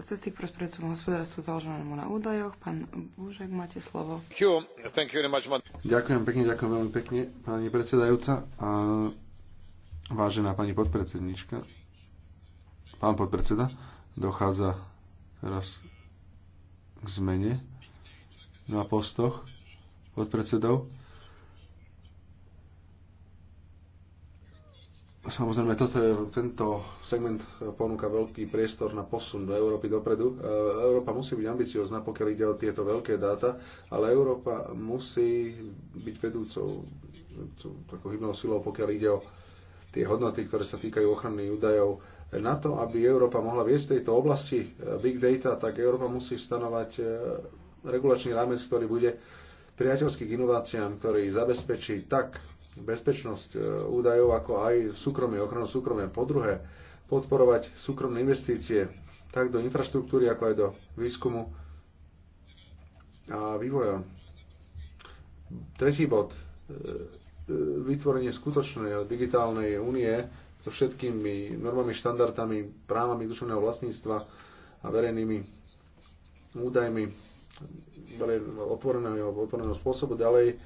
štatistik pre spracované hospodárstvu založenému na údajoch. Pán Búžek, máte slovo. Ďakujem pekne, ďakujem veľmi pekne, pani predsedajúca a vážená pani podpredsednička. Pán podpredseda, dochádza teraz k zmene na postoch podpredsedov Samozrejme, toto, tento segment e, ponúka veľký priestor na posun do Európy dopredu. E, Európa musí byť ambiciozná, pokiaľ ide o tieto veľké dáta, ale Európa musí byť vedúcou takou hybnou silou, pokiaľ ide o tie hodnoty, ktoré sa týkajú ochrany údajov. Na to, aby Európa mohla viesť v tejto oblasti e, big data, tak Európa musí stanovať regulačný rámec, ktorý bude priateľský k inováciám, ktorý zabezpečí tak bezpečnosť e, údajov, ako aj súkromie, ochranu súkromia. Po druhé, podporovať súkromné investície tak do infraštruktúry, ako aj do výskumu a vývoja. Tretí bod, e, e, vytvorenie skutočnej digitálnej únie so všetkými normami, štandardami, právami duševného vlastníctva a verejnými údajmi otvoreného, otvoreného spôsobu. Ďalej,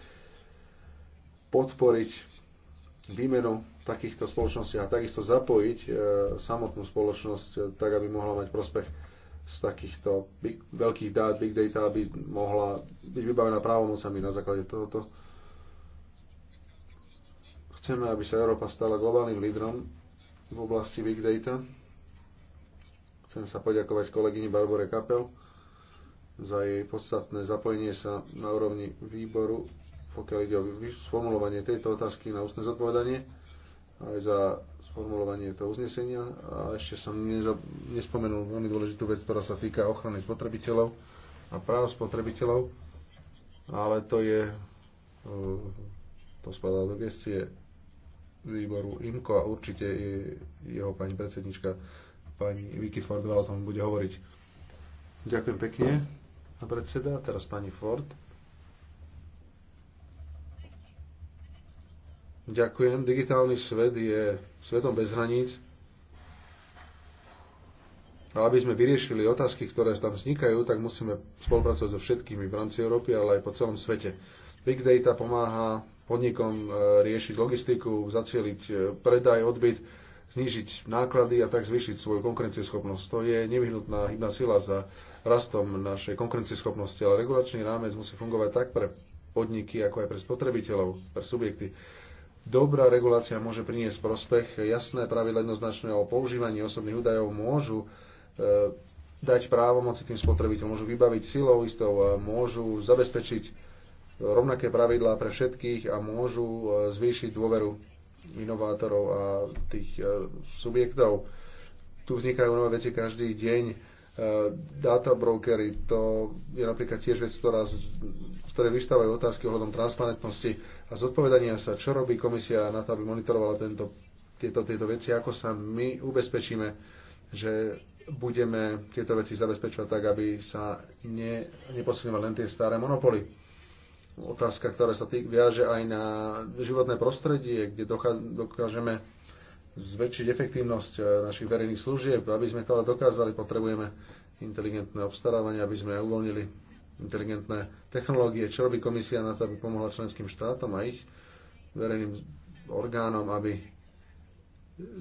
podporiť výmenu takýchto spoločností a takisto zapojiť e, samotnú spoločnosť e, tak, aby mohla mať prospech z takýchto big, veľkých dát, big data, aby mohla byť vybavená právomocami na základe tohoto. Chceme, aby sa Európa stala globálnym lídrom v oblasti big data. Chcem sa poďakovať kolegyni Barbore Kapel za jej podstatné zapojenie sa na úrovni výboru pokiaľ ide o sformulovanie tejto otázky na ústne zodpovedanie, aj za sformulovanie toho uznesenia. A ešte som neza, nespomenul veľmi dôležitú vec, ktorá sa týka ochrany spotrebiteľov a práv spotrebiteľov, ale to je, eh, to spadá do gestie výboru IMKO a určite jeho pani predsednička, pani Vicky Fordová o tom bude hovoriť. Ďakujem pekne. A predseda, teraz pani Ford. Ďakujem. Digitálny svet je svetom bez hraníc. A aby sme vyriešili otázky, ktoré tam vznikajú, tak musíme spolupracovať so všetkými v rámci Európy, ale aj po celom svete. Big data pomáha podnikom e, riešiť logistiku, zacieliť e, predaj, odbyt, znížiť náklady a tak zvýšiť svoju konkurencieschopnosť. To je nevyhnutná hybná sila za rastom našej konkurencieschopnosti, ale regulačný rámec musí fungovať tak pre podniky, ako aj pre spotrebiteľov, pre subjekty Dobrá regulácia môže priniesť prospech. Jasné pravidla jednoznačné o používaní osobných údajov môžu e, dať právomoci tým spotrebiteľom, môžu vybaviť silou istou, môžu zabezpečiť rovnaké pravidlá pre všetkých a môžu e, zvýšiť dôveru inovátorov a tých e, subjektov. Tu vznikajú nové veci každý deň Eh, data brokery, to je napríklad tiež vec, ktorá, ktoré vystávajú otázky ohľadom transparentnosti a zodpovedania sa, čo robí komisia na to, aby monitorovala tento, tieto, tieto veci, ako sa my ubezpečíme, že budeme tieto veci zabezpečovať tak, aby sa ne, neposilňovali len tie staré monopoly. Otázka, ktorá sa tý, viaže aj na životné prostredie, kde dokážeme zväčšiť efektívnosť eh, našich verejných služieb. Aby sme to ale dokázali, potrebujeme inteligentné obstarávanie, aby sme uvoľnili inteligentné technológie. Čo robí komisia na to, aby pomohla členským štátom a ich verejným orgánom, aby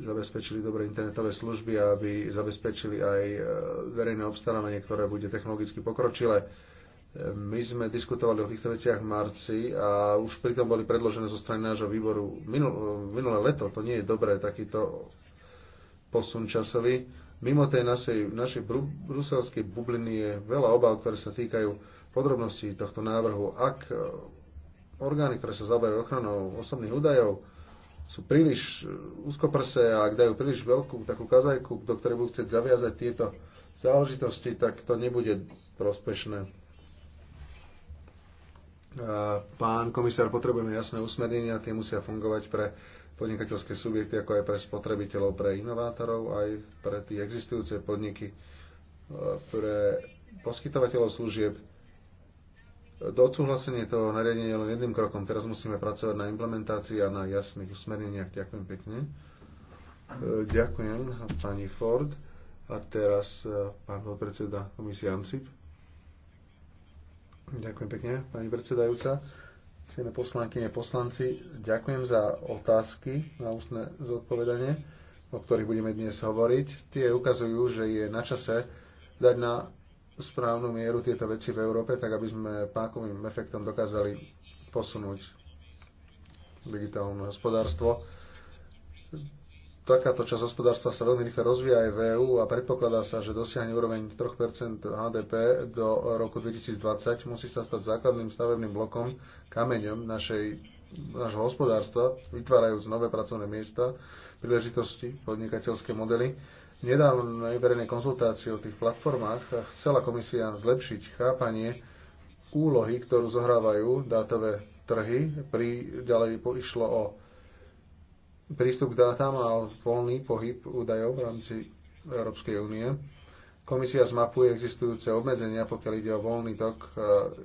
zabezpečili dobre internetové služby a aby zabezpečili aj eh, verejné obstarávanie, ktoré bude technologicky pokročilé my sme diskutovali o týchto veciach v marci a už pritom boli predložené zo strany nášho výboru minul, minulé leto. To nie je dobré, takýto posun časový. Mimo tej našej, našej bru, bruselskej bubliny je veľa obav, ktoré sa týkajú podrobností tohto návrhu. Ak e, orgány, ktoré sa zaoberajú ochranou osobných údajov, sú príliš e, úzkoprse a ak dajú príliš veľkú takú kazajku, do ktorej budú chcieť zaviazať tieto záležitosti, tak to nebude prospešné Pán komisár, potrebujeme jasné usmernenia, tie musia fungovať pre podnikateľské subjekty, ako aj pre spotrebiteľov, pre inovátorov, aj pre tie existujúce podniky, e, pre poskytovateľov služieb. Do odsúhlasenie toho nariadenia len jedným krokom. Teraz musíme pracovať na implementácii a na jasných usmerneniach. Ďakujem pekne. E, ďakujem pani Ford. A teraz e, pán podpredseda komisie Ansip. Ďakujem pekne, pani predsedajúca. poslanky poslankyne, poslanci, ďakujem za otázky na ústne zodpovedanie, o ktorých budeme dnes hovoriť. Tie ukazujú, že je na čase dať na správnu mieru tieto veci v Európe, tak aby sme pákovým efektom dokázali posunúť digitálne hospodárstvo takáto časť hospodárstva sa veľmi rýchle rozvíja aj v EÚ a predpokladá sa, že dosiahne úroveň 3% HDP do roku 2020. Musí sa stať základným stavebným blokom, kameňom našej, našho hospodárstva, vytvárajúc nové pracovné miesta, príležitosti, podnikateľské modely. Nedávne verejnej konzultácie o tých platformách chcela komisia zlepšiť chápanie úlohy, ktorú zohrávajú dátové trhy. Pri, ďalej išlo o prístup k dátam a voľný pohyb údajov v rámci Európskej únie. Komisia zmapuje existujúce obmedzenia, pokiaľ ide o voľný tok e,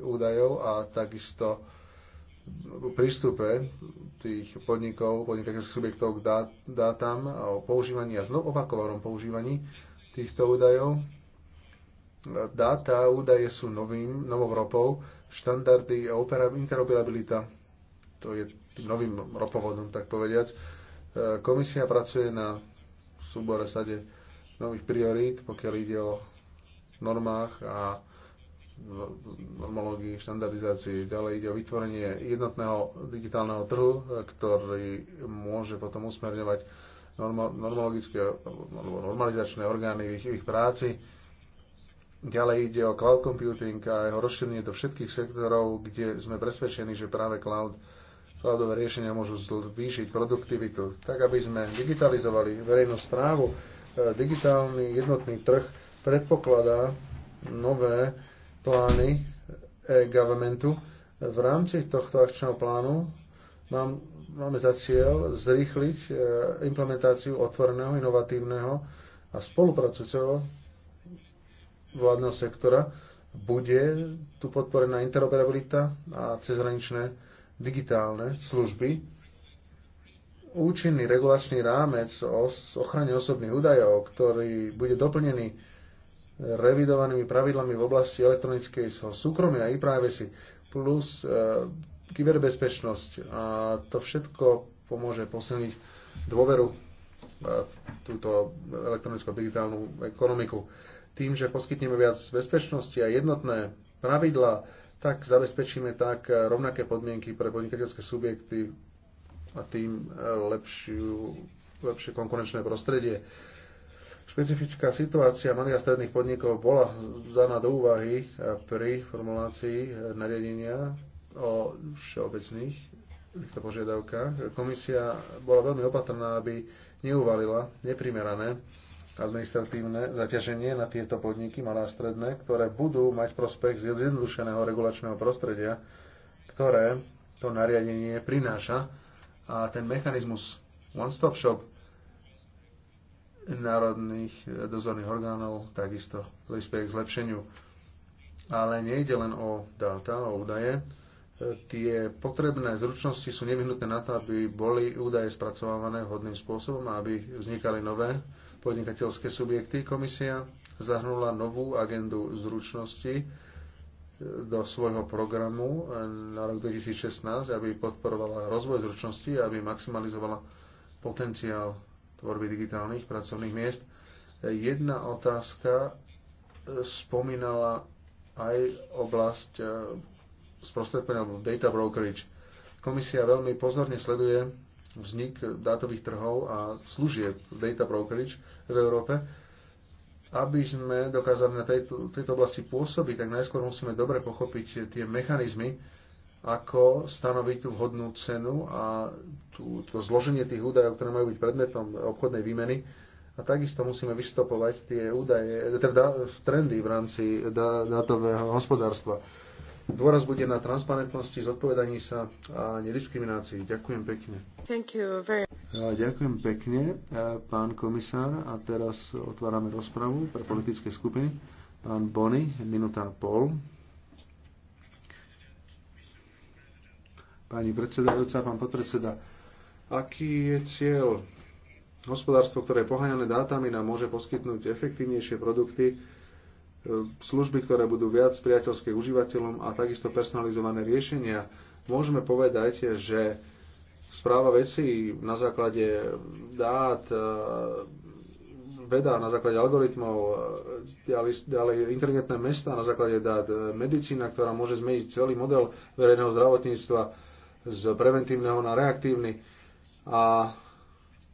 údajov a takisto prístupe tých podnikov, podnikateľských subjektov k dátam dátam o používaní a znovu opakovanom používaní týchto údajov. Dáta, údaje sú novým, novou ropou, štandardy a interoperabilita, to je tým novým ropovodom, tak povediac, Komisia pracuje na súbore sade nových priorít, pokiaľ ide o normách a normológii, štandardizácii. Ďalej ide o vytvorenie jednotného digitálneho trhu, ktorý môže potom usmerňovať normologické alebo normalizačné orgány v ich, v ich práci. Ďalej ide o cloud computing a jeho rozšírenie do všetkých sektorov, kde sme presvedčení, že práve cloud cloudové riešenia môžu zvýšiť produktivitu, tak aby sme digitalizovali verejnú správu. E, digitálny jednotný trh predpokladá nové plány e-governmentu. V rámci tohto akčného plánu mám, máme za cieľ zrýchliť e, implementáciu otvoreného, inovatívneho a spolupracujúceho vládneho sektora. Bude tu podporená interoperabilita a cezhraničné digitálne služby, účinný regulačný rámec o ochrane osobných údajov, ktorý bude doplnený revidovanými pravidlami v oblasti elektronickej súkromia a e-privacy, plus e, kyberbezpečnosť. A to všetko pomôže posilniť dôveru e, v túto elektronickú digitálnu ekonomiku. Tým, že poskytneme viac bezpečnosti a jednotné pravidla, tak zabezpečíme tak rovnaké podmienky pre podnikateľské subjekty a tým lepšiu, lepšie konkurenčné prostredie. Špecifická situácia malých a stredných podnikov bola vzaná do úvahy pri formulácii nariadenia o všeobecných týchto požiadavkách. Komisia bola veľmi opatrná, aby neuvalila neprimerané administratívne zaťaženie na tieto podniky, malé a stredné, ktoré budú mať prospech z jednodušeného regulačného prostredia, ktoré to nariadenie prináša a ten mechanizmus one-stop shop národných dozorných orgánov takisto prispieje k zlepšeniu. Ale nejde len o dáta, o údaje. Tie potrebné zručnosti sú nevyhnutné na to, aby boli údaje spracovávané hodným spôsobom a aby vznikali nové podnikateľské subjekty. Komisia zahrnula novú agendu zručnosti e, do svojho programu e, na rok 2016, aby podporovala rozvoj zručnosti, aby maximalizovala potenciál tvorby digitálnych pracovných miest. E, jedna otázka spomínala aj oblasť sprostredkovania data brokerage. Komisia veľmi pozorne sleduje vznik dátových trhov a služieb data brokerage v Európe. Aby sme dokázali na tejto, tejto oblasti pôsobiť, tak najskôr musíme dobre pochopiť tie mechanizmy, ako stanoviť tú vhodnú cenu a tú, to zloženie tých údajov, ktoré majú byť predmetom obchodnej výmeny. A takisto musíme vystopovať tie údaje, teda trendy v rámci dátového hospodárstva Dôraz bude na transparentnosti, zodpovedaní sa a nediskriminácii. Ďakujem pekne. Thank you very... Ďakujem pekne, e, pán komisár. A teraz otvárame rozpravu pre politické skupiny. Pán Bony, minúta a pol. Pani predsedajúca, pán podpredseda, aký je cieľ? Hospodárstvo, ktoré je poháňané dátami, nám môže poskytnúť efektívnejšie produkty, služby, ktoré budú viac priateľské užívateľom a takisto personalizované riešenia. Môžeme povedať, že správa vecí na základe dát, e, veda na základe algoritmov, e, ďalej inteligentné mesta na základe dát, e, medicína, ktorá môže zmeniť celý model verejného zdravotníctva z preventívneho na reaktívny a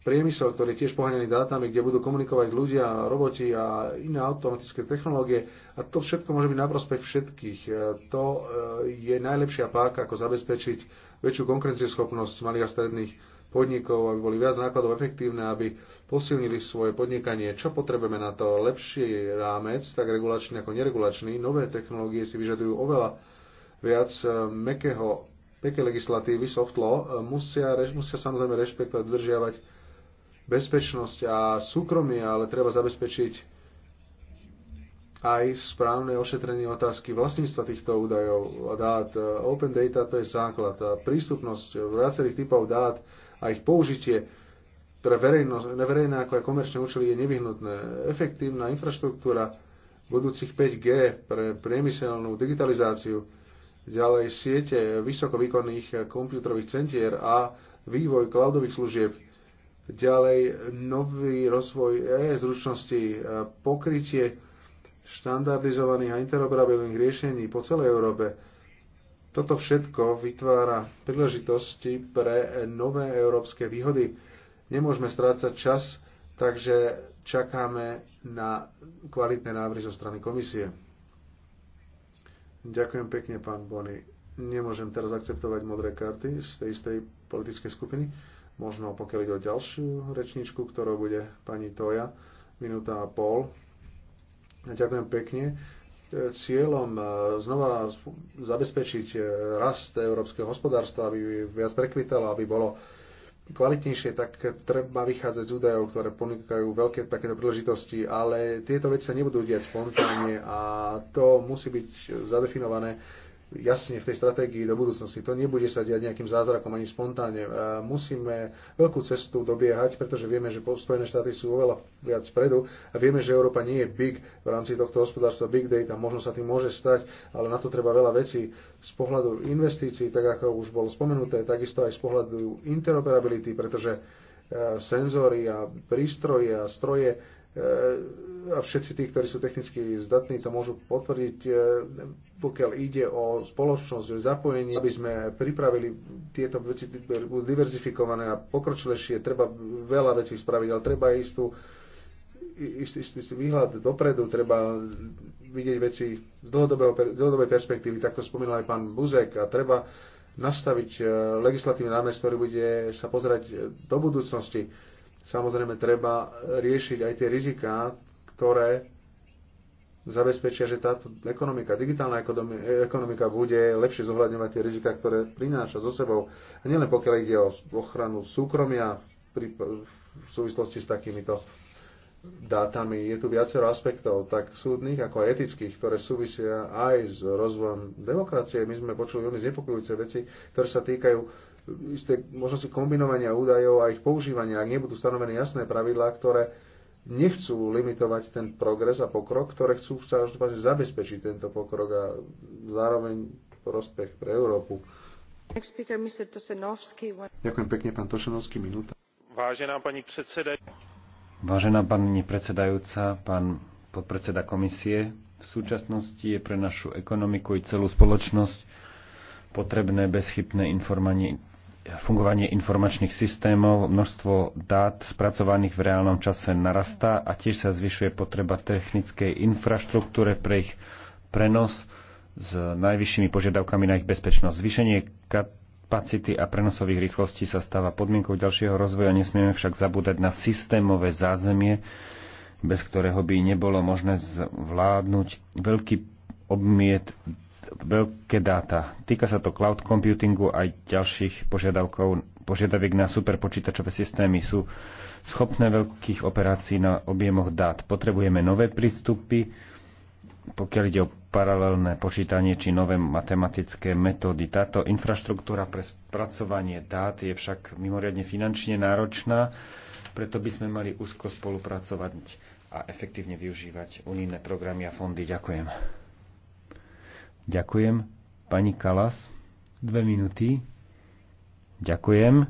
priemysel, ktorý je tiež poháňaný dátami, kde budú komunikovať ľudia, roboti a iné automatické technológie. A to všetko môže byť na prospech všetkých. E, to e, je najlepšia páka, ako zabezpečiť väčšiu konkurencieschopnosť malých a stredných podnikov, aby boli viac nákladov efektívne, aby posilnili svoje podnikanie. Čo potrebujeme na to? Lepší rámec, tak regulačný ako neregulačný. Nové technológie si vyžadujú oveľa viac e, mekého, meké legislatívy, soft law. Musia, musia samozrejme rešpektovať, držiavať bezpečnosť a súkromie, ale treba zabezpečiť aj správne ošetrenie otázky vlastníctva týchto údajov a dát. Open data to je základ a prístupnosť viacerých typov dát a ich použitie pre verejnosť, verejné ako aj komerčné účely je nevyhnutné. Efektívna infraštruktúra budúcich 5G pre priemyselnú digitalizáciu, ďalej siete vysokovýkonných kompiútrových centier a vývoj cloudových služieb ďalej nový rozvoj e zručnosti, pokrytie štandardizovaných a interoperabilných riešení po celej Európe. Toto všetko vytvára príležitosti pre nové európske výhody. Nemôžeme strácať čas, takže čakáme na kvalitné návrhy zo strany komisie. Ďakujem pekne, pán Bony. Nemôžem teraz akceptovať modré karty z tej istej politickej skupiny. Možno pokiaľ ide o ďalšiu rečničku, ktorou bude pani Toja, minúta a pol. Ďakujem pekne. Cieľom e, znova zabezpečiť e, rast európskeho hospodárstva, aby viac prekvitalo, aby bolo kvalitnejšie, tak treba vychádzať z údajov, ktoré ponúkajú veľké takéto príležitosti, ale tieto veci sa nebudú diať spontánne a to musí byť zadefinované jasne v tej stratégii do budúcnosti. To nebude sa diať nejakým zázrakom ani spontánne. Musíme veľkú cestu dobiehať, pretože vieme, že Spojené štáty sú oveľa viac vpredu a vieme, že Európa nie je big v rámci tohto hospodárstva big data. Možno sa tým môže stať, ale na to treba veľa vecí z pohľadu investícií, tak ako už bolo spomenuté, takisto aj z pohľadu interoperability, pretože e, senzory a prístroje a stroje E, a všetci tí, ktorí sú technicky zdatní, to môžu potvrdiť, e, pokiaľ ide o spoločnosť, o zapojenie, aby sme pripravili tieto veci diverzifikované a pokročilejšie. Treba veľa vecí spraviť, ale treba istú, istý, istý, istý výhľad dopredu, treba vidieť veci z dlhodobej perspektívy, tak to spomínal aj pán Buzek, a treba nastaviť e, legislatívny námest, ktorý bude sa pozerať do budúcnosti Samozrejme, treba riešiť aj tie riziká, ktoré zabezpečia, že táto ekonomika, digitálna ekonomika bude lepšie zohľadňovať tie rizika, ktoré prináša so sebou. A nielen pokiaľ ide o ochranu súkromia pri, v súvislosti s takýmito dátami. Je tu viacero aspektov, tak súdnych ako aj etických, ktoré súvisia aj s rozvojom demokracie. My sme počuli veľmi znepokojujúce veci, ktoré sa týkajú isté možnosti kombinovania údajov a ich používania, ak nebudú stanovené jasné pravidlá, ktoré nechcú limitovať ten progres a pokrok, ktoré chcú každopádne zabezpečiť tento pokrok a zároveň prospech pre Európu. Ďakujem pekne, pán Tošenovský, minúta. Vážená pani predseda... Vážená pani predsedajúca, pán podpredseda komisie, v súčasnosti je pre našu ekonomiku i celú spoločnosť potrebné bezchybné informovanie fungovanie informačných systémov, množstvo dát spracovaných v reálnom čase narastá a tiež sa zvyšuje potreba technickej infraštruktúre pre ich prenos s najvyššími požiadavkami na ich bezpečnosť. Zvýšenie kapacity a prenosových rýchlostí sa stáva podmienkou ďalšieho rozvoja, nesmieme však zabúdať na systémové zázemie, bez ktorého by nebolo možné zvládnuť veľký obmiet veľké dáta. Týka sa to cloud computingu aj ďalších požiadavkov, požiadaviek na superpočítačové systémy. Sú schopné veľkých operácií na objemoch dát. Potrebujeme nové prístupy, pokiaľ ide o paralelné počítanie či nové matematické metódy. Táto infraštruktúra pre spracovanie dát je však mimoriadne finančne náročná, preto by sme mali úzko spolupracovať a efektívne využívať unijné programy a fondy. Ďakujem. Ďakujem. Pani Kalas, dve minúty. Ďakujem.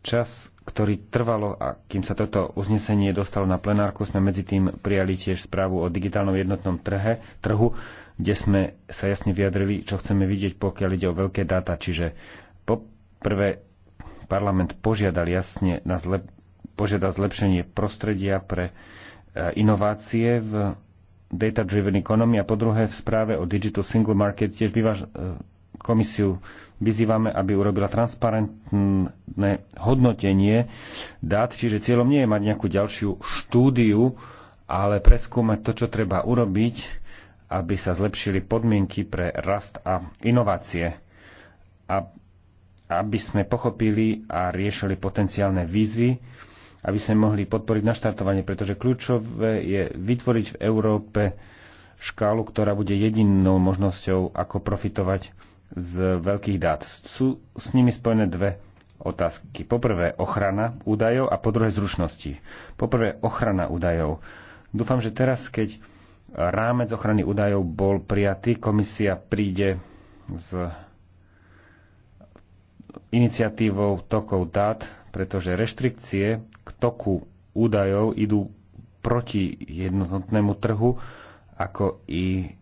Čas, ktorý trvalo a kým sa toto uznesenie dostalo na plenárku, sme medzi tým prijali tiež správu o digitálnom jednotnom trhe, trhu, kde sme sa jasne vyjadrili, čo chceme vidieť, pokiaľ ide o veľké dáta. Čiže poprvé parlament požiadal jasne na zlep- požiada zlepšenie prostredia pre e, inovácie v data-driven economy a po druhé v správe o Digital Single Market tiež vyváž, e, komisiu vyzývame, aby urobila transparentné hodnotenie dát, čiže cieľom nie je mať nejakú ďalšiu štúdiu, ale preskúmať to, čo treba urobiť, aby sa zlepšili podmienky pre rast a inovácie a aby sme pochopili a riešili potenciálne výzvy, aby sme mohli podporiť naštartovanie, pretože kľúčové je vytvoriť v Európe škálu, ktorá bude jedinou možnosťou, ako profitovať z veľkých dát. Sú s nimi spojené dve otázky. Poprvé ochrana údajov a po druhé zručnosti. Poprvé ochrana údajov. Dúfam, že teraz, keď rámec ochrany údajov bol prijatý, komisia príde s iniciatívou tokov dát, pretože reštrikcie, toku údajov idú proti jednotnému trhu, ako i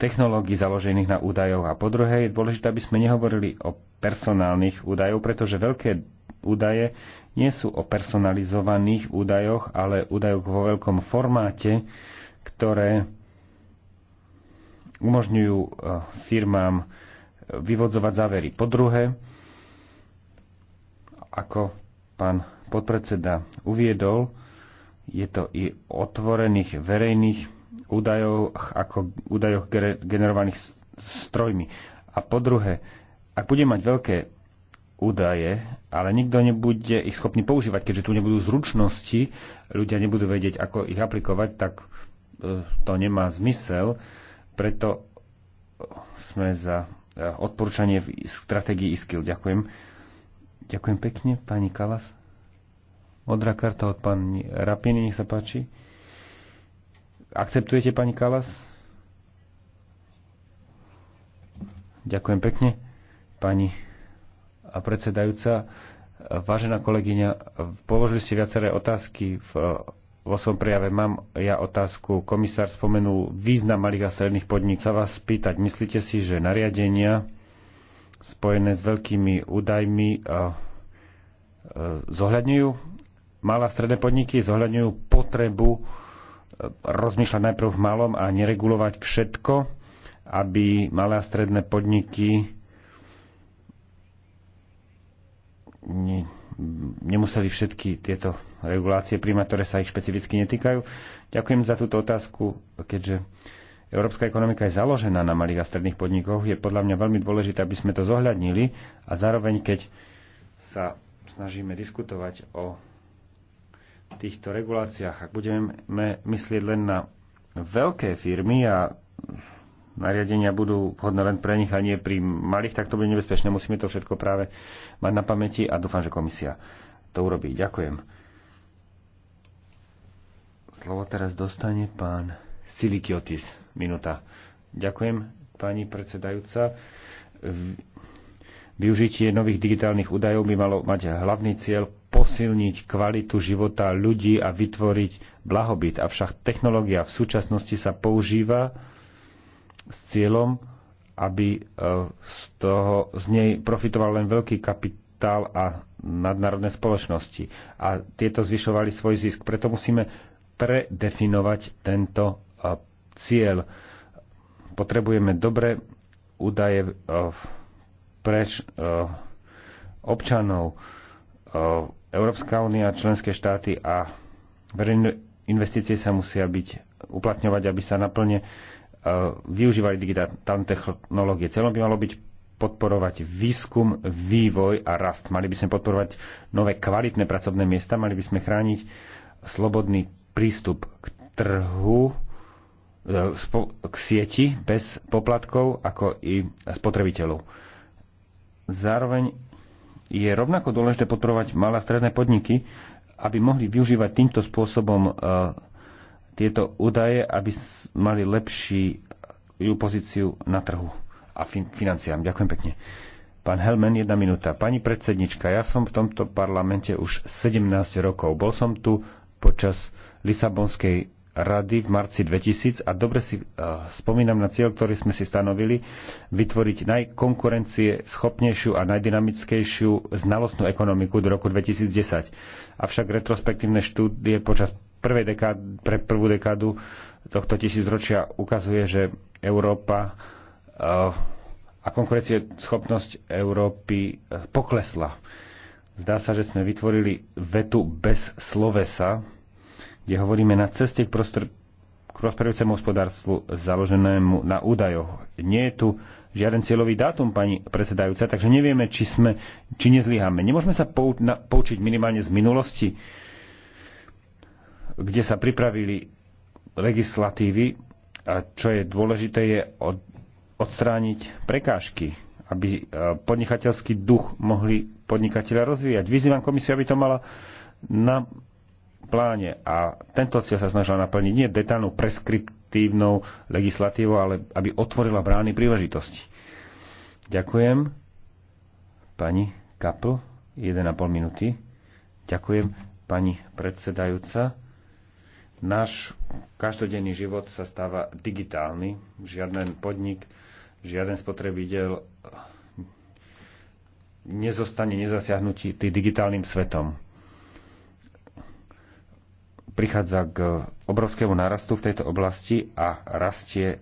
technológií založených na údajoch. A po druhé je dôležité, aby sme nehovorili o personálnych údajov, pretože veľké údaje nie sú o personalizovaných údajoch, ale údajoch vo veľkom formáte, ktoré umožňujú eh, firmám eh, vyvodzovať závery. Po druhé, ako pán podpredseda uviedol, je to i otvorených verejných údajov ako údajoch generovaných strojmi. A po druhé, ak bude mať veľké údaje, ale nikto nebude ich schopný používať, keďže tu nebudú zručnosti, ľudia nebudú vedieť, ako ich aplikovať, tak e, to nemá zmysel. Preto e, sme za e, odporúčanie v stratégii e-skill. Ďakujem. Ďakujem pekne, pani Kalas. Modrá karta od pani Rapiny, nech sa páči. Akceptujete pani Kalas? Ďakujem pekne. Pani a predsedajúca, vážená kolegyňa, položili ste viaceré otázky v, vo svojom prejave. Mám ja otázku. Komisár spomenul význam malých a stredných podnik Sa vás spýtať, myslíte si, že nariadenia spojené s veľkými údajmi zohľadňujú Malé a stredné podniky zohľadňujú potrebu e, rozmýšľať najprv v malom a neregulovať všetko, aby malé a stredné podniky nemuseli všetky tieto regulácie príjmať, ktoré sa ich špecificky netýkajú. Ďakujem za túto otázku, keďže Európska ekonomika je založená na malých a stredných podnikoch. Je podľa mňa veľmi dôležité, aby sme to zohľadnili a zároveň, keď sa snažíme diskutovať o týchto reguláciách, ak budeme myslieť len na veľké firmy a nariadenia budú vhodné len pre nich a nie pri malých, tak to bude nebezpečné. Musíme to všetko práve mať na pamäti a dúfam, že komisia to urobí. Ďakujem. Slovo teraz dostane pán Silikiotis. Minúta. Ďakujem, pani predsedajúca. Využitie nových digitálnych údajov by malo mať hlavný cieľ posilniť kvalitu života ľudí a vytvoriť blahobyt. Avšak technológia v súčasnosti sa používa s cieľom, aby e, z, toho, z nej profitoval len veľký kapitál a nadnárodné spoločnosti. A tieto zvyšovali svoj zisk. Preto musíme predefinovať tento e, cieľ. Potrebujeme dobré údaje e, preč občanov Európska únia, členské štáty a verejné investície sa musia byť uplatňovať, aby sa naplne e, využívali digitálne technológie. Celom by malo byť podporovať výskum, vývoj a rast. Mali by sme podporovať nové kvalitné pracovné miesta, mali by sme chrániť slobodný prístup k trhu, e, k sieti bez poplatkov, ako i spotrebiteľov. Zároveň je rovnako dôležité podporovať malé a stredné podniky, aby mohli využívať týmto spôsobom e, tieto údaje, aby mali lepší e, pozíciu na trhu a financiám. Ďakujem pekne. Pán Helmen, jedna minúta. Pani predsednička, ja som v tomto parlamente už 17 rokov. Bol som tu počas Lisabonskej rady v marci 2000 a dobre si eh, spomínam na cieľ, ktorý sme si stanovili, vytvoriť najkonkurencie schopnejšiu a najdynamickejšiu znalostnú ekonomiku do roku 2010. Avšak retrospektívne štúdie počas prvej dekády, pre prvú dekádu tohto tisícročia ukazuje, že Európa eh, a schopnosť Európy eh, poklesla. Zdá sa, že sme vytvorili vetu bez slovesa, kde hovoríme na ceste k, prostr- k prosperujúcemu hospodárstvu založenému na údajoch. Nie je tu žiaden cieľový dátum, pani predsedajúca, takže nevieme, či, sme, či nezlyháme. Nemôžeme sa pou- na- poučiť minimálne z minulosti, kde sa pripravili legislatívy, a čo je dôležité, je od- odstrániť prekážky, aby e, podnikateľský duch mohli podnikateľa rozvíjať. Vyzývam komisiu, aby to mala na pláne a tento cieľ sa snažila naplniť nie detálnou preskriptívnou legislatívou, ale aby otvorila brány príležitosti. Ďakujem. Pani Kapl, 1,5 minúty. Ďakujem, pani predsedajúca. Náš každodenný život sa stáva digitálny. Žiaden podnik, žiaden spotrebiteľ nezostane nezasiahnutý tým digitálnym svetom prichádza k obrovskému nárastu v tejto oblasti a rastie e,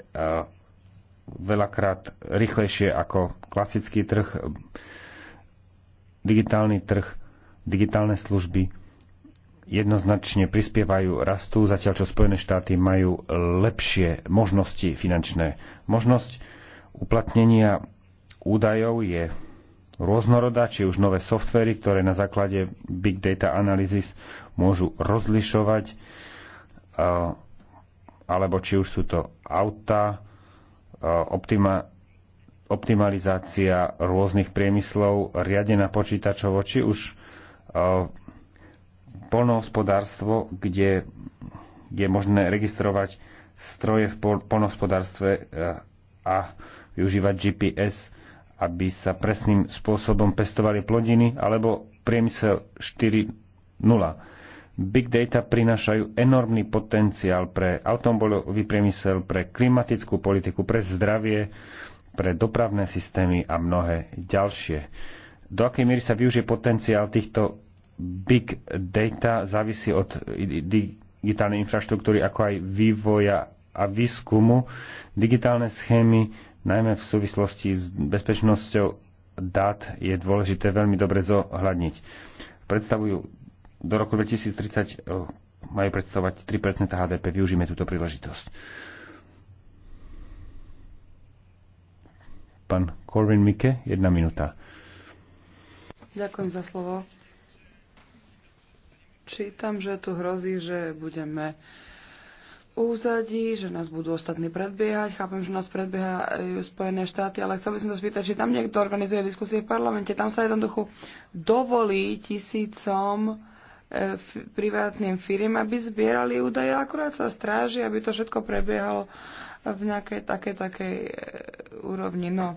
veľakrát rýchlejšie ako klasický trh, digitálny trh, digitálne služby jednoznačne prispievajú rastu, zatiaľ čo Spojené štáty majú lepšie možnosti finančné. Možnosť uplatnenia údajov je rôznorodá, či už nové softvery, ktoré na základe big data analysis môžu rozlišovať, alebo či už sú to auta, optima, optimalizácia rôznych priemyslov, riadená počítačovo, či už polnohospodárstvo, kde je možné registrovať stroje v polnohospodárstve a využívať GPS aby sa presným spôsobom pestovali plodiny alebo priemysel 4.0. Big data prinášajú enormný potenciál pre automobilový priemysel, pre klimatickú politiku, pre zdravie, pre dopravné systémy a mnohé ďalšie. Do akej miery sa využije potenciál týchto big data závisí od digitálnej infraštruktúry, ako aj vývoja a výskumu. Digitálne schémy Najmä v súvislosti s bezpečnosťou dát je dôležité veľmi dobre zohľadniť. Predstavujú do roku 2030 eh, majú predstavovať 3 HDP. Využíme túto príležitosť. Pán Corvin Mike, jedna minúta. Ďakujem za slovo. Čítam, že tu hrozí, že budeme úzadí, že nás budú ostatní predbiehať. Chápem, že nás predbiehajú Spojené štáty, ale chcel by som sa spýtať, či tam niekto organizuje diskusie v parlamente. Tam sa jednoducho dovolí tisícom e, privátnym firm, aby zbierali údaje, akurát sa stráži, aby to všetko prebiehalo v nejakej takej, takej e, úrovni. No.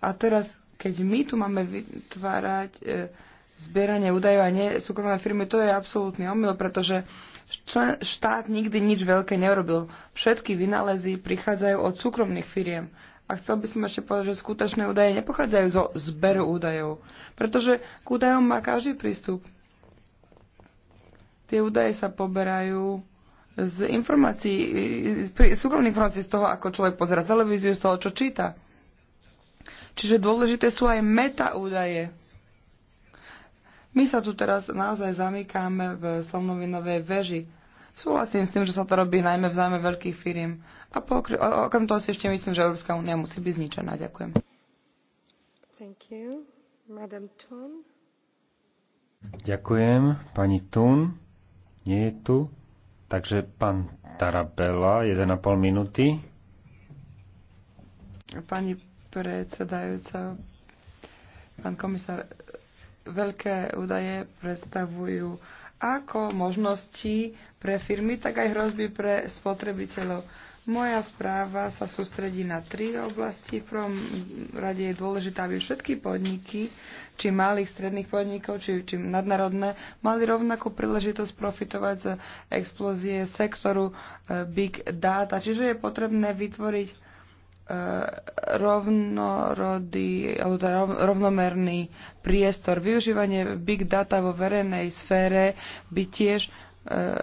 A teraz, keď my tu máme vytvárať e, zbieranie údajov a nie súkromné firmy, to je absolútny omyl, pretože e, Štát nikdy nič veľké neurobil. Všetky vynálezy prichádzajú od súkromných firiem. A chcel by som ešte povedať, že skutočné údaje nepochádzajú zo zberu údajov, pretože k údajom má každý prístup. Tie údaje sa poberajú z informácií, súkromných informácií z toho, ako človek pozera televíziu, z toho, čo číta. Čiže dôležité sú aj metaúdaje. My sa tu teraz naozaj zamykáme v slonovinovej veži. Súhlasím s tým, že sa to robí najmä v zájme veľkých firiem. A pokry- okrem toho si ešte myslím, že Európska únia musí byť zničená. Ďakujem. Thank you. Madam Thun. Ďakujem. Pani Tun nie je tu. Takže pán Tarabela, 1,5 minúty. Pani predsedajúca, pán komisár, veľké údaje predstavujú ako možnosti pre firmy, tak aj hrozby pre spotrebiteľov. Moja správa sa sústredí na tri oblasti. V prvom rade je dôležité, aby všetky podniky, či malých, stredných podnikov, či, či nadnárodné, mali rovnakú príležitosť profitovať z explózie sektoru eh, big data. Čiže je potrebné vytvoriť Eh, rovnorodý alebo teda rovnomerný priestor. Využívanie big data vo verejnej sfére by tiež eh,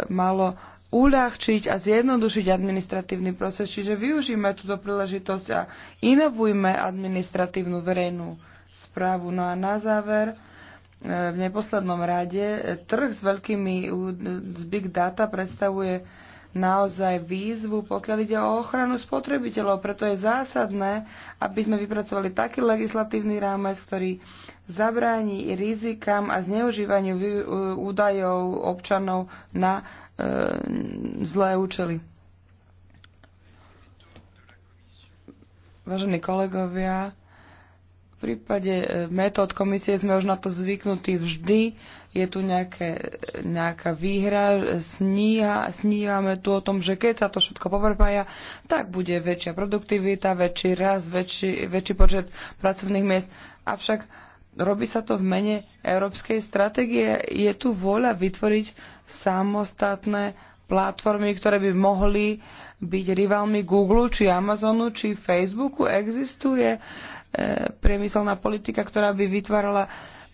malo uľahčiť a zjednodušiť administratívny proces. Čiže využíme túto príležitosť a inovujme administratívnu verejnú správu. No a na záver, eh, v neposlednom rade, trh s veľkými z big data predstavuje naozaj výzvu, pokiaľ ide o ochranu spotrebiteľov. Preto je zásadné, aby sme vypracovali taký legislatívny rámec, ktorý zabráni rizikám a zneužívaniu e, údajov občanov na e, zlé účely. Vážení kolegovia, v prípade e, metód komisie sme už na to zvyknutí vždy. Je tu nejaké, nejaká výhra, sníha, snívame tu o tom, že keď sa to všetko povrpája, tak bude väčšia produktivita, väčší rast, väčší, väčší počet pracovných miest. Avšak robí sa to v mene európskej stratégie. Je tu vôľa vytvoriť samostatné platformy, ktoré by mohli byť rivalmi Google, či Amazonu, či Facebooku. Existuje priemyselná politika, ktorá by vytvárala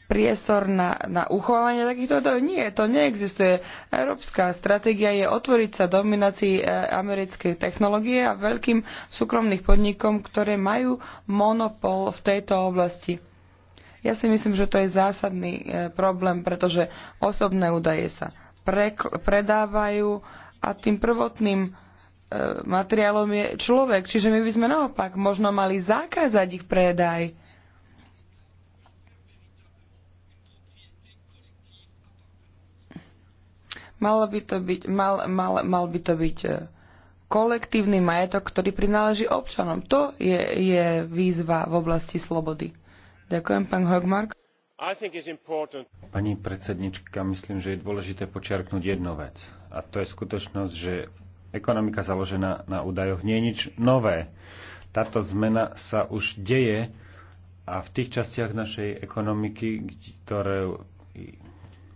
priestor na, na uchovanie takýchto dohod. Nie, to neexistuje. Európska stratégia je otvoriť sa dominácii e, americkej technológie a veľkým súkromných podnikom, ktoré majú monopol v tejto oblasti. Ja si myslím, že to je zásadný e, problém, pretože osobné údaje sa predávajú a tým prvotným E, materiálom je človek. Čiže my by sme naopak možno mali zakázať ich predaj. Mal by to byť, mal, mal, mal by to byť e, kolektívny majetok, ktorý prináleží občanom. To je, je výzva v oblasti slobody. Ďakujem, pán Hogmark. Pani predsednička, myslím, že je dôležité počiarknúť jednu vec. A to je skutočnosť, že ekonomika založená na údajoch nie je nič nové. Táto zmena sa už deje a v tých častiach našej ekonomiky, ktoré,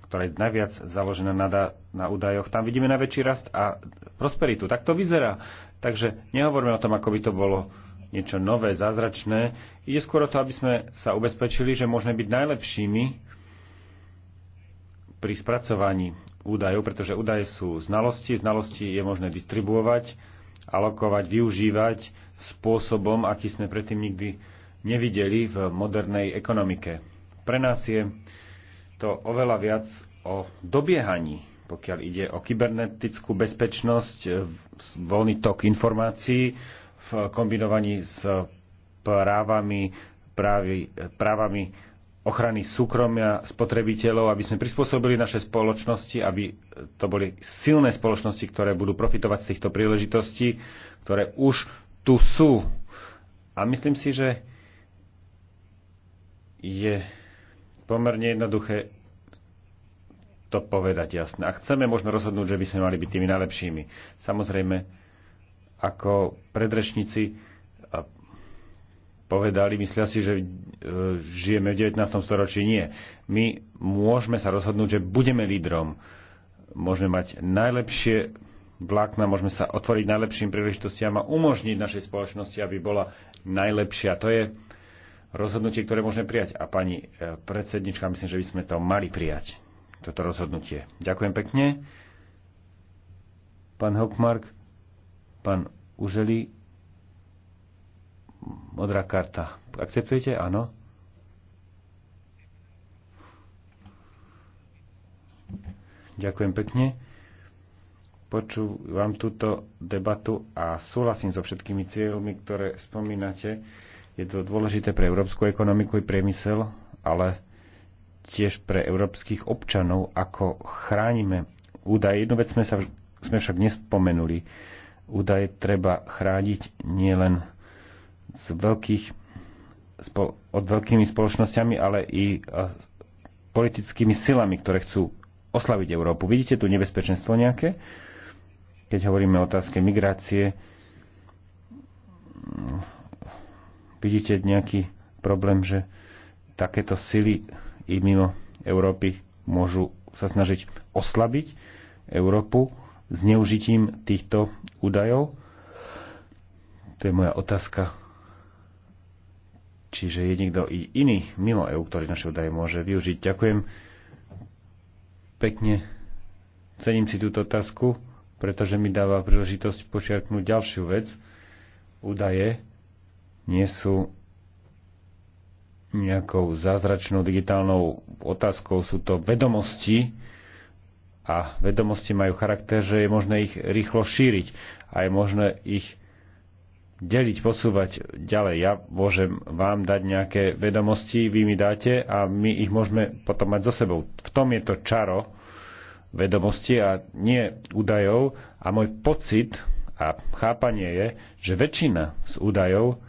ktorá je najviac založená na, na údajoch, tam vidíme najväčší rast a prosperitu. Tak to vyzerá. Takže nehovoríme o tom, ako by to bolo niečo nové, zázračné. Ide skôr o to, aby sme sa ubezpečili, že môžeme byť najlepšími pri spracovaní údajov, pretože údaje sú znalosti, znalosti je možné distribuovať, alokovať, využívať spôsobom, aký sme predtým nikdy nevideli v modernej ekonomike. Pre nás je to oveľa viac o dobiehaní, pokiaľ ide o kybernetickú bezpečnosť, e, voľný tok informácií v kombinovaní s právami, právy, e, právami ochrany súkromia spotrebiteľov, aby sme prispôsobili naše spoločnosti, aby to boli silné spoločnosti, ktoré budú profitovať z týchto príležitostí, ktoré už tu sú. A myslím si, že je pomerne jednoduché to povedať jasne. A chceme možno rozhodnúť, že by sme mali byť tými najlepšími. Samozrejme, ako predrečníci, povedali, myslia si, že e, žijeme v 19. storočí. Nie. My môžeme sa rozhodnúť, že budeme lídrom. Môžeme mať najlepšie vlákna, môžeme sa otvoriť najlepším príležitostiam a umožniť našej spoločnosti, aby bola najlepšia. To je rozhodnutie, ktoré môžeme prijať. A pani e, predsednička, myslím, že by sme to mali prijať, toto rozhodnutie. Ďakujem pekne. Pán Hockmark, pán Uželi, modrá karta. Akceptujete? Áno? Ďakujem pekne. Počúvam túto debatu a súhlasím so všetkými cieľmi, ktoré spomínate. Je to dôležité pre európsku ekonomiku i priemysel, ale tiež pre európskych občanov, ako chránime údaje. Jednu vec sme, sa, sme však nespomenuli. Údaje treba chrániť nielen s veľkých, spol, od veľkými spoločnosťami, ale i e, politickými silami, ktoré chcú oslaviť Európu. Vidíte tu nebezpečenstvo nejaké? Keď hovoríme o otázke migrácie, vidíte nejaký problém, že takéto sily i mimo Európy môžu sa snažiť oslabiť Európu zneužitím týchto údajov? To je moja otázka Čiže je niekto i iný mimo EU, ktorý naše údaje môže využiť. Ďakujem pekne. Cením si túto otázku, pretože mi dáva príležitosť počiarknúť ďalšiu vec. Údaje nie sú nejakou zázračnou digitálnou otázkou, sú to vedomosti a vedomosti majú charakter, že je možné ich rýchlo šíriť a je možné ich deliť, posúvať ďalej. Ja môžem vám dať nejaké vedomosti, vy mi dáte a my ich môžeme potom mať so sebou. V tom je to čaro vedomosti a nie údajov a môj pocit a chápanie je, že väčšina z údajov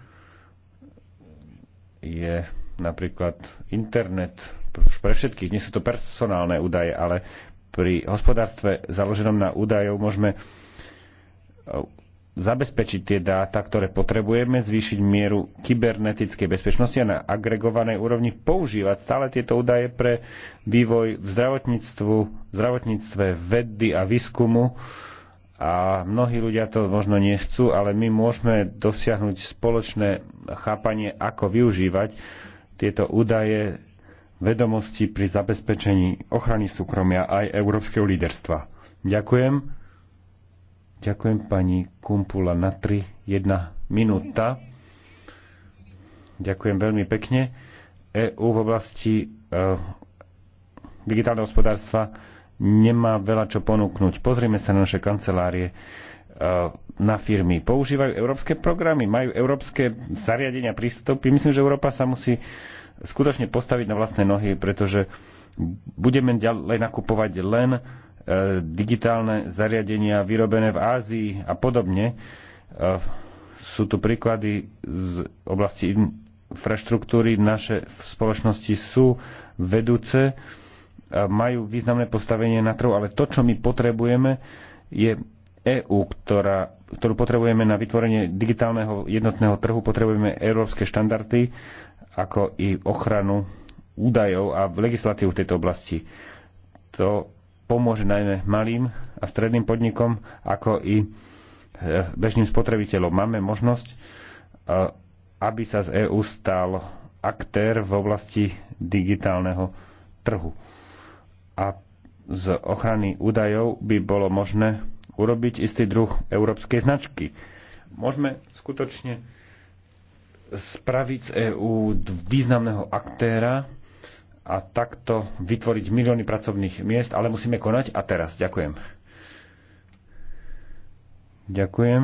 je napríklad internet pre všetkých, nie sú to personálne údaje, ale pri hospodárstve založenom na údajov môžeme zabezpečiť tie dáta, ktoré potrebujeme, zvýšiť mieru kybernetickej bezpečnosti a na agregovanej úrovni používať stále tieto údaje pre vývoj v zdravotníctvu, v zdravotníctve, vedy a výskumu. A mnohí ľudia to možno nechcú, ale my môžeme dosiahnuť spoločné chápanie, ako využívať tieto údaje vedomosti pri zabezpečení ochrany súkromia aj európskeho líderstva. Ďakujem. Ďakujem pani Kumpula na 3, 1 minúta. Ďakujem veľmi pekne. EU v oblasti uh, digitálneho hospodárstva nemá veľa čo ponúknuť. Pozrime sa na naše kancelárie, e, na firmy. Používajú európske programy, majú európske zariadenia, prístupy. Myslím, že Európa sa musí skutočne postaviť na vlastné nohy, pretože budeme ďalej nakupovať len E, digitálne zariadenia vyrobené v Ázii a podobne. E, sú tu príklady z oblasti infraštruktúry. Naše spoločnosti sú vedúce, majú významné postavenie na trhu, ale to, čo my potrebujeme, je EÚ, ktorá, ktorú potrebujeme na vytvorenie digitálneho jednotného trhu, potrebujeme európske štandardy, ako i ochranu údajov a legislatívu v tejto oblasti. To pomôže najmä malým a stredným podnikom, ako i e, bežným spotrebiteľom. Máme možnosť, e, aby sa z EÚ stal aktér v oblasti digitálneho trhu. A z ochrany údajov by bolo možné urobiť istý druh európskej značky. Môžeme skutočne spraviť z EÚ významného aktéra, a takto vytvoriť milióny pracovných miest, ale musíme konať a teraz. Ďakujem. Ďakujem.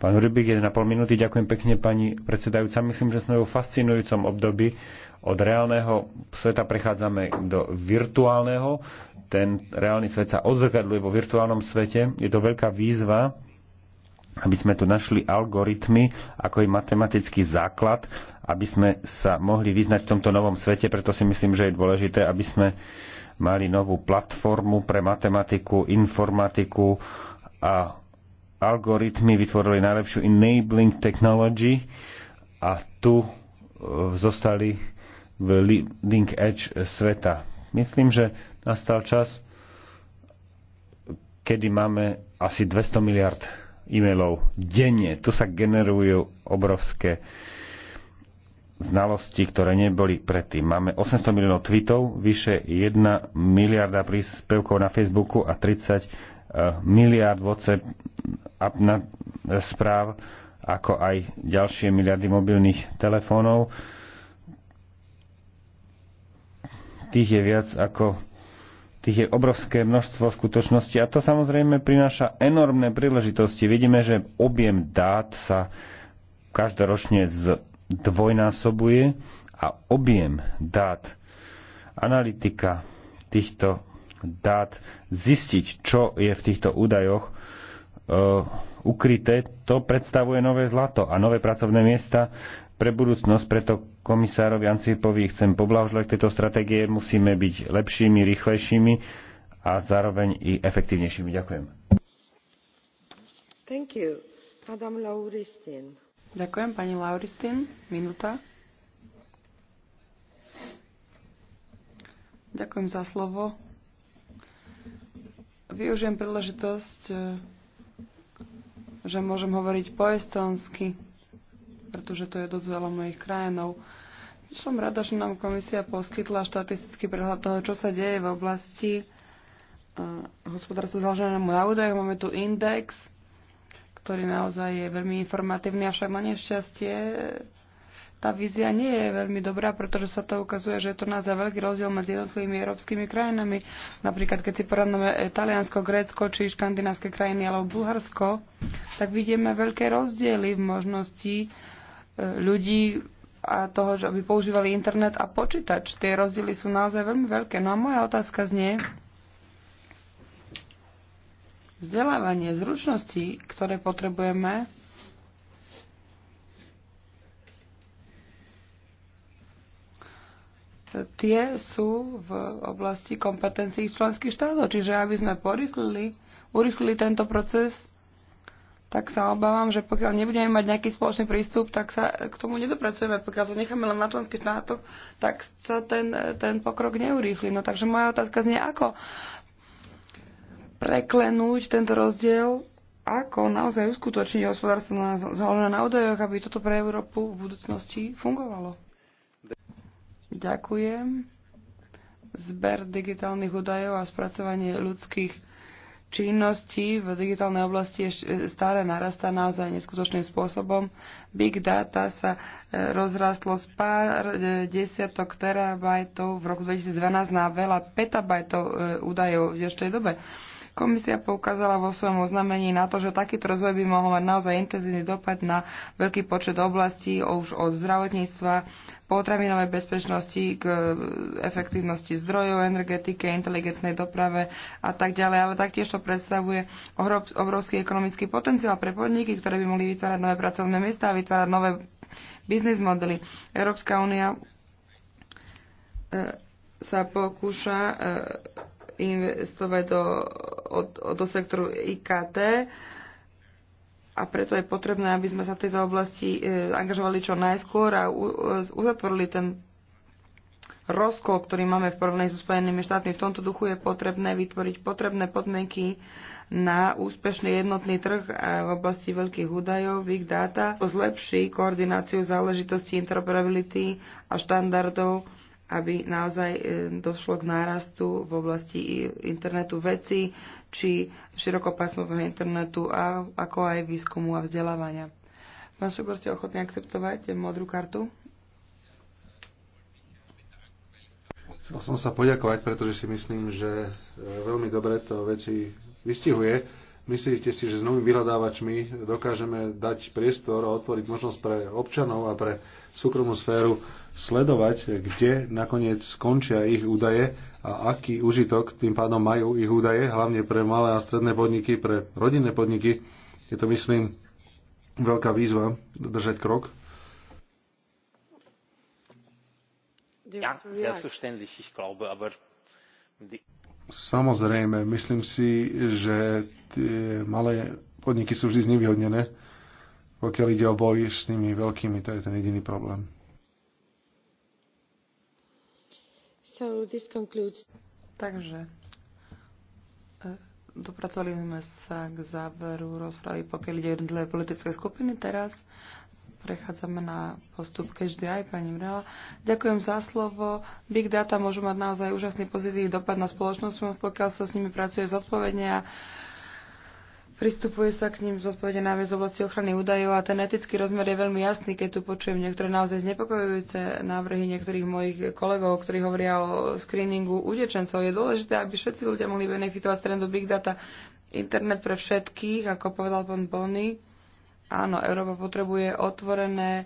Pán na 1,5 minúty. Ďakujem pekne, pani predsedajúca. Myslím, že sme vo fascinujúcom období. Od reálneho sveta prechádzame do virtuálneho. Ten reálny svet sa odzrkadluje vo virtuálnom svete. Je to veľká výzva aby sme tu našli algoritmy ako i matematický základ, aby sme sa mohli vyznať v tomto novom svete, preto si myslím, že je dôležité, aby sme mali novú platformu pre matematiku, informatiku a algoritmy vytvorili najlepšiu enabling technology a tu e, zostali v link edge sveta. Myslím, že nastal čas, kedy máme asi 200 miliard e-mailov denne. Tu sa generujú obrovské znalosti, ktoré neboli predtým. Máme 800 miliónov tweetov, vyše 1 miliarda príspevkov na Facebooku a 30 eh, miliard WhatsApp správ, ako aj ďalšie miliardy mobilných telefónov. Tých je viac ako Tých je obrovské množstvo skutočností a to samozrejme prináša enormné príležitosti. Vidíme, že objem dát sa každoročne zdvojnásobuje a objem dát, analytika týchto dát, zistiť, čo je v týchto údajoch, e, ukryté, to predstavuje nové zlato a nové pracovné miesta pre budúcnosť, preto komisárovi Ancipovi chcem poblahoželať tejto stratégie. Musíme byť lepšími, rýchlejšími a zároveň i efektívnejšími. Ďakujem. Thank you. Madame Lauristin. Ďakujem, pani Lauristin. Minúta. Ďakujem za slovo. Využijem príležitosť, eh, že môžem hovoriť po estonsky pretože to je dosť veľa mojich krajinov. Som rada, že nám komisia poskytla štatistický prehľad toho, čo sa deje v oblasti e, hospodárstva založeného na údajoch. Máme tu index, ktorý naozaj je veľmi informatívny, avšak na nešťastie e, tá vízia nie je veľmi dobrá, pretože sa to ukazuje, že je to naozaj veľký rozdiel medzi jednotlivými európskymi krajinami. Napríklad, keď si porovnáme e, Taliansko, Grécko či škandinávské krajiny alebo Bulharsko, tak vidíme veľké rozdiely v možnosti ľudí a toho, že aby používali internet a počítač. Tie rozdiely sú naozaj veľmi veľké. No a moja otázka znie, vzdelávanie zručností, ktoré potrebujeme, tie sú v oblasti kompetencií členských štátov. Čiže aby sme porýchlili, urychlili tento proces, tak sa obávam, že pokiaľ nebudeme mať nejaký spoločný prístup, tak sa k tomu nedopracujeme. Pokiaľ to necháme len na členských štátoch, tak sa ten, ten pokrok neurýchli. No takže moja otázka znie, ako preklenúť tento rozdiel, ako naozaj uskutočniť hospodárstvo na, založené na údajoch, aby toto pre Európu v budúcnosti fungovalo. Ďakujem. Zber digitálnych údajov a spracovanie ľudských činnosti v digitálnej oblasti stále narastá naozaj neskutočným spôsobom. Big data sa e, rozrastlo z pár e, desiatok terabajtov v roku 2012 na veľa petabajtov e, údajov v dnešnej dobe. Komisia poukázala vo svojom oznámení na to, že takýto rozvoj by mohol mať naozaj intenzívny dopad na veľký počet oblastí už od zdravotníctva, potravinovej bezpečnosti k efektívnosti zdrojov, energetike, inteligentnej doprave a tak ďalej, ale taktiež to predstavuje obrovský ekonomický potenciál pre podniky, ktoré by mohli vytvárať nové pracovné miesta a vytvárať nové biznis modely. Európska únia e, sa pokúša e, investovať do, od, do sektoru IKT a preto je potrebné, aby sme sa v tejto oblasti e, angažovali čo najskôr a e, uzatvorili ten rozkol, ktorý máme v porovnaní so Spojenými štátmi. V tomto duchu je potrebné vytvoriť potrebné podmienky na úspešný jednotný trh v oblasti veľkých údajov, big data, zlepší koordináciu záležitostí interoperability a štandardov aby naozaj e, došlo k nárastu v oblasti internetu veci či širokopásmového internetu, a, ako aj výskumu a vzdelávania. Pán Šogor, ste ochotní akceptovať modrú kartu? Chcel som sa poďakovať, pretože si myslím, že e, veľmi dobre to veci vystihuje. Myslíte si, že s novými vyhľadávačmi dokážeme dať priestor a otvoriť možnosť pre občanov a pre súkromnú sféru sledovať, kde nakoniec skončia ich údaje a aký užitok tým pádom majú ich údaje, hlavne pre malé a stredné podniky, pre rodinné podniky. Je to, myslím, veľká výzva držať krok. Samozrejme, myslím si, že tie malé podniky sú vždy znevýhodnené, pokiaľ ide o boj s tými veľkými, to je ten jediný problém. Takže e, dopracovali sme sa k záveru rozpravy, pokiaľ ide jednotlivé politické skupiny. Teraz prechádzame na postup aj pani Mrela. Ďakujem za slovo. Big data môžu mať naozaj úžasný pozitívny dopad na spoločnosť, pokiaľ sa s nimi pracuje zodpovedne a Pristupuje sa k ním zodpovede na z oblasti ochrany údajov a ten etický rozmer je veľmi jasný, keď tu počujem niektoré naozaj znepokojujúce návrhy niektorých mojich kolegov, ktorí hovoria o screeningu utečencov. Je dôležité, aby všetci ľudia mohli benefitovať z trendu Big Data. Internet pre všetkých, ako povedal pán Bonny. Áno, Európa potrebuje otvorené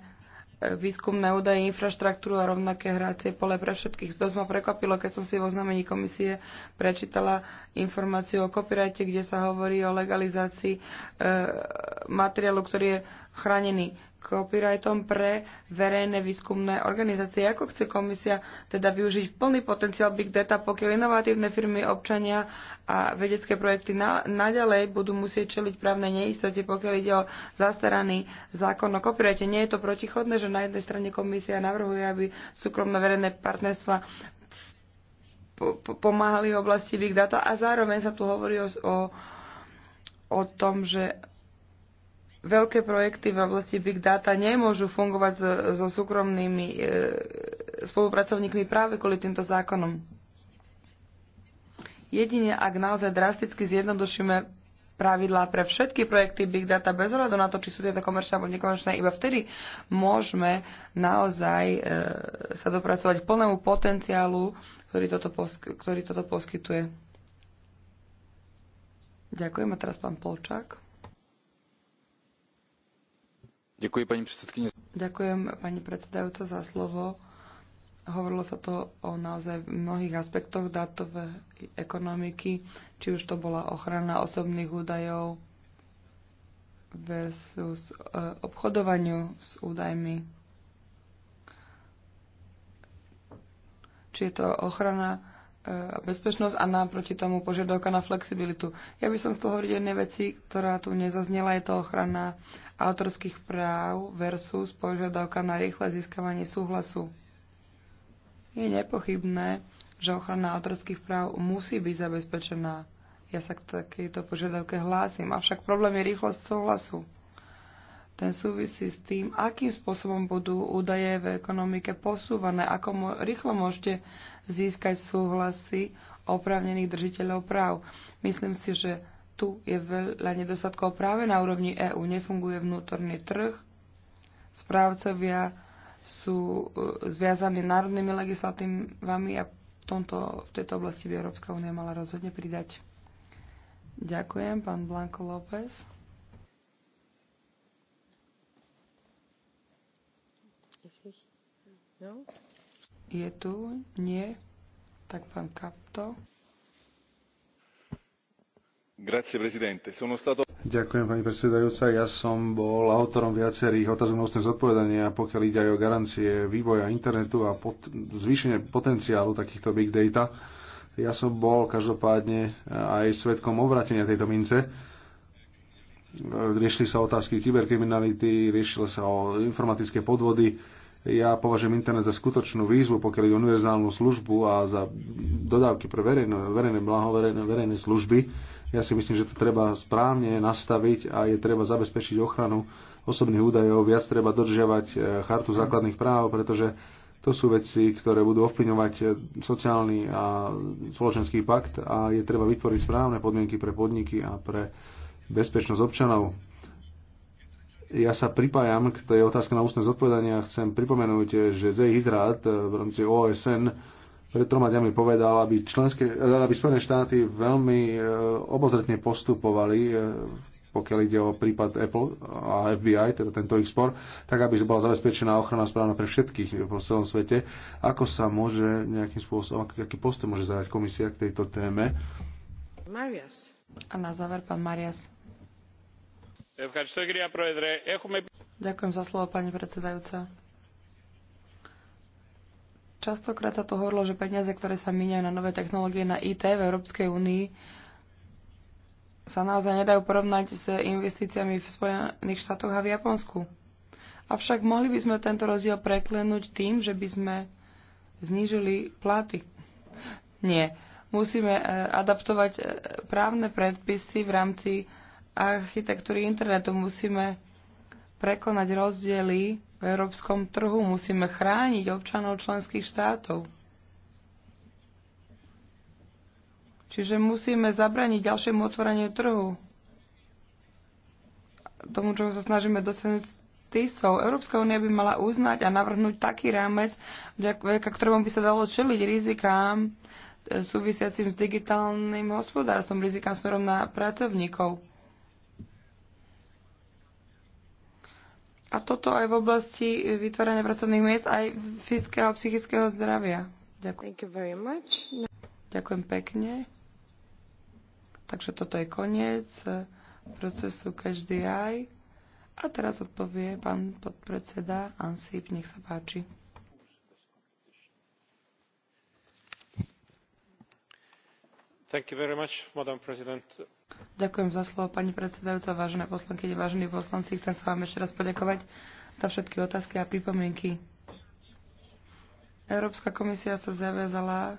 výskumné údaje, infraštruktúru a rovnaké hracie pole pre všetkých. To ma prekvapilo, keď som si vo znamení komisie prečítala informáciu o copyrighte, kde sa hovorí o legalizácii e, materiálu, ktorý je chránený copyrightom pre verejné výskumné organizácie. Ako chce komisia teda využiť plný potenciál Big Data, pokiaľ inovatívne firmy, občania a vedecké projekty na, naďalej budú musieť čeliť právnej neistote, pokiaľ ide o zastaraný zákon o copyrighte. Nie je to protichodné, že na jednej strane komisia navrhuje, aby súkromno-verejné partnerstva pomáhali v oblasti Big Data a zároveň sa tu hovorí o, o, o tom, že veľké projekty v oblasti big data nemôžu fungovať so, so súkromnými e, spolupracovníkmi práve kvôli týmto zákonom. Jedine ak naozaj drasticky zjednodušíme pravidlá pre všetky projekty Big Data bez ohľadu na to, či sú tieto komerčné alebo nekomerčné, iba vtedy môžeme naozaj e, sa dopracovať k plnému potenciálu, ktorý toto, posk- ktorý toto poskytuje. Ďakujem a teraz pán Polčák. Ďakujem pani predsedkyne. Ďakujem pani predsedajúca za slovo. Hovorilo sa to o naozaj mnohých aspektoch dátovej ekonomiky, či už to bola ochrana osobných údajov versus e, obchodovaniu s údajmi. Či je to ochrana e, a bezpečnosť a naproti tomu požiadavka na flexibilitu. Ja by som chcel hovoriť o jednej veci, ktorá tu nezaznela, je to ochrana autorských práv versus požiadavka na rýchle získavanie súhlasu. Je nepochybné, že ochrana autorských práv musí byť zabezpečená. Ja sa k takejto požiadavke hlásim, avšak problém je rýchlosť súhlasu. Ten súvisí s tým, akým spôsobom budú údaje v ekonomike posúvané, ako mo- rýchlo môžete získať súhlasy oprávnených držiteľov práv. Myslím si, že tu je veľa nedostatkov práve na úrovni EÚ. Nefunguje vnútorný trh, správcovia sú e, zviazaní národnými legislatívami a v, tomto, v tejto oblasti by Európska únia mala rozhodne pridať. Ďakujem, pán Blanco López. No? Je tu? Nie? Tak pán Kapto. Ďakujem, pani predsedajúca. Ja som bol autorom viacerých otázok na zodpovedania, pokiaľ ide aj o garancie vývoja internetu a pot- zvýšenie potenciálu takýchto big data. Ja som bol každopádne aj svetkom obratenia tejto mince. Riešili sa otázky kyberkriminality, riešili sa o informatické podvody. Ja považujem internet za skutočnú výzvu, pokiaľ ide o univerzálnu službu a za dodávky pre verejné, verejné blaho, verejné, verejné služby ja si myslím, že to treba správne nastaviť a je treba zabezpečiť ochranu osobných údajov, viac treba dodržiavať e, chartu základných práv, pretože to sú veci, ktoré budú ovplyvňovať e, sociálny a spoločenský pakt a je treba vytvoriť správne podmienky pre podniky a pre bezpečnosť občanov. Ja sa pripájam k tej otázke na ústne zodpovedanie a chcem pripomenúť, e, že Zej Hydrát v rámci OSN pred troma dňami povedal, aby, členské, aby Spojené štáty veľmi e, obozretne postupovali, e, pokiaľ ide o prípad Apple a FBI, teda tento ich spor, tak aby bola zabezpečená ochrana správna pre všetkých po celom svete. Ako sa môže nejakým spôsobom, aký postup môže zadať komisia k tejto téme? Marias. A na záver pán Marias. Ďakujem za slovo, pani predsedajúca Častokrát sa to hovorilo, že peniaze, ktoré sa míňajú na nové technológie na IT v Európskej únii, sa naozaj nedajú porovnať s investíciami v Spojených štátoch a v Japonsku. Avšak mohli by sme tento rozdiel preklenúť tým, že by sme znížili platy. Nie. Musíme e, adaptovať e, právne predpisy v rámci architektúry internetu. Musíme prekonať rozdiely v európskom trhu. Musíme chrániť občanov členských štátov. Čiže musíme zabraniť ďalšiemu otvoreniu trhu. Tomu, čo sa snažíme dosiahnuť TISou. Európska únia by mala uznať a navrhnúť taký rámec, vďaka ktorom by sa dalo čeliť rizikám e, súvisiacim s digitálnym hospodárstvom, rizikám smerom na pracovníkov. A toto aj v oblasti eh, vytvárania pracovných miest, aj fyzického a psychického zdravia. Ďakujem. Ďakujem pekne. Takže toto je koniec eh, procesu každý aj. A teraz odpovie pán podpredseda Ansip, nech sa páči. Thank you very much, Madam President. Ďakujem za slovo, pani predsedajúca, vážené poslanky, vážení poslanci. Chcem sa vám ešte raz poďakovať za všetky otázky a pripomienky. Európska komisia sa zaviazala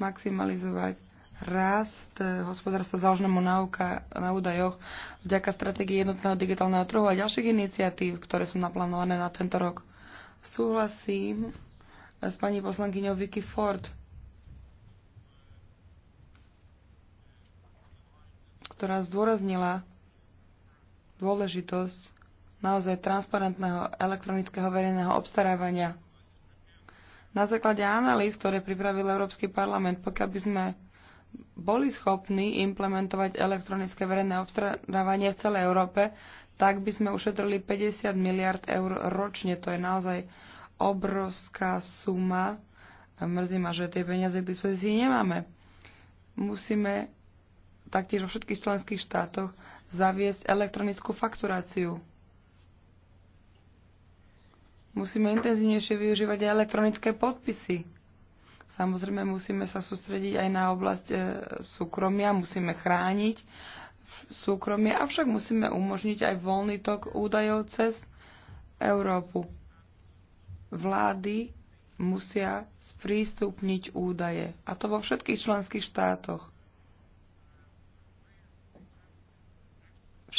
maximalizovať rast hospodárstva založenému nauka, na údajoch vďaka stratégii jednotného digitálneho trhu a ďalších iniciatív, ktoré sú naplánované na tento rok. Súhlasím s pani poslankyňou Vicky Ford. ktorá zdôraznila dôležitosť naozaj transparentného elektronického verejného obstarávania. Na základe analýz, ktoré pripravil Európsky parlament, pokiaľ by sme boli schopní implementovať elektronické verejné obstarávanie v celej Európe, tak by sme ušetrili 50 miliard eur ročne. To je naozaj obrovská suma. Mrzí ma, že tie peniaze k dispozícii nemáme. Musíme taktiež vo všetkých členských štátoch zaviesť elektronickú fakturáciu. Musíme intenzívnejšie využívať aj elektronické podpisy. Samozrejme, musíme sa sústrediť aj na oblasť e, súkromia, musíme chrániť súkromie, avšak musíme umožniť aj voľný tok údajov cez Európu. Vlády musia sprístupniť údaje, a to vo všetkých členských štátoch.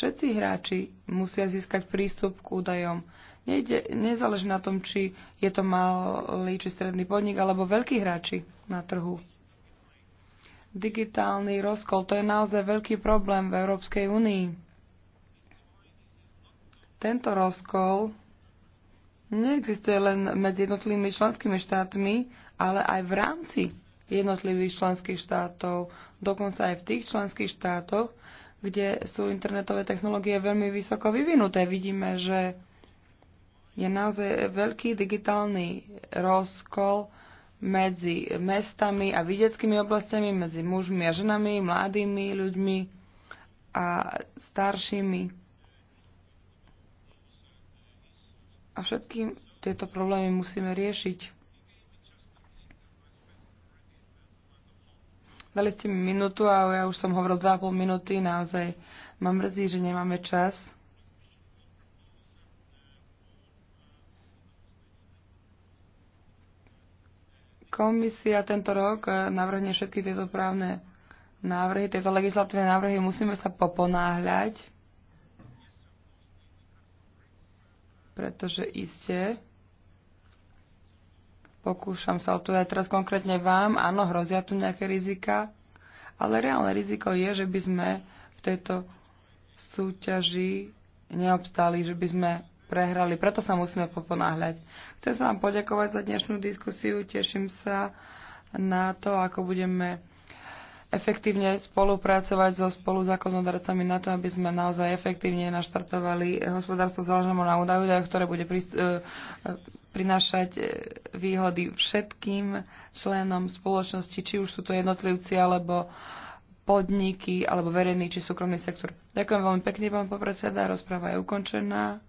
Všetci hráči musia získať prístup k údajom. Nejde, nezáleží na tom, či je to malý či stredný podnik alebo veľkí hráči na trhu. Digitálny rozkol, to je naozaj veľký problém v Európskej únii. Tento rozkol neexistuje len medzi jednotlivými členskými štátmi, ale aj v rámci jednotlivých členských štátov, dokonca aj v tých členských štátoch, kde sú internetové technológie veľmi vysoko vyvinuté. Vidíme, že je naozaj veľký digitálny rozkol medzi mestami a videckými oblastiami, medzi mužmi a ženami, mladými ľuďmi a staršími. A všetkým tieto problémy musíme riešiť. Dali ste mi minútu a ja už som hovoril 2,5 minúty. Naozaj ma mrzí, že nemáme čas. Komisia tento rok eh, navrhne všetky tieto právne návrhy, tieto legislatívne návrhy. Musíme sa poponáhľať, pretože iste Pokúšam sa odpovedať teraz konkrétne vám. Áno, hrozia tu nejaké rizika, ale reálne riziko je, že by sme v tejto súťaži neobstáli, že by sme prehrali. Preto sa musíme poponáhľať. Chcem sa vám poďakovať za dnešnú diskusiu. Teším sa na to, ako budeme efektívne spolupracovať so spoluzákonodarcami na to, aby sme naozaj efektívne naštartovali hospodárstvo založené na údajov, ktoré bude príst- e, e, prinášať e, výhody všetkým členom spoločnosti, či už sú to jednotlivci alebo podniky alebo verejný či súkromný sektor. Ďakujem veľmi pekne, pán popredseda, rozpráva je ukončená.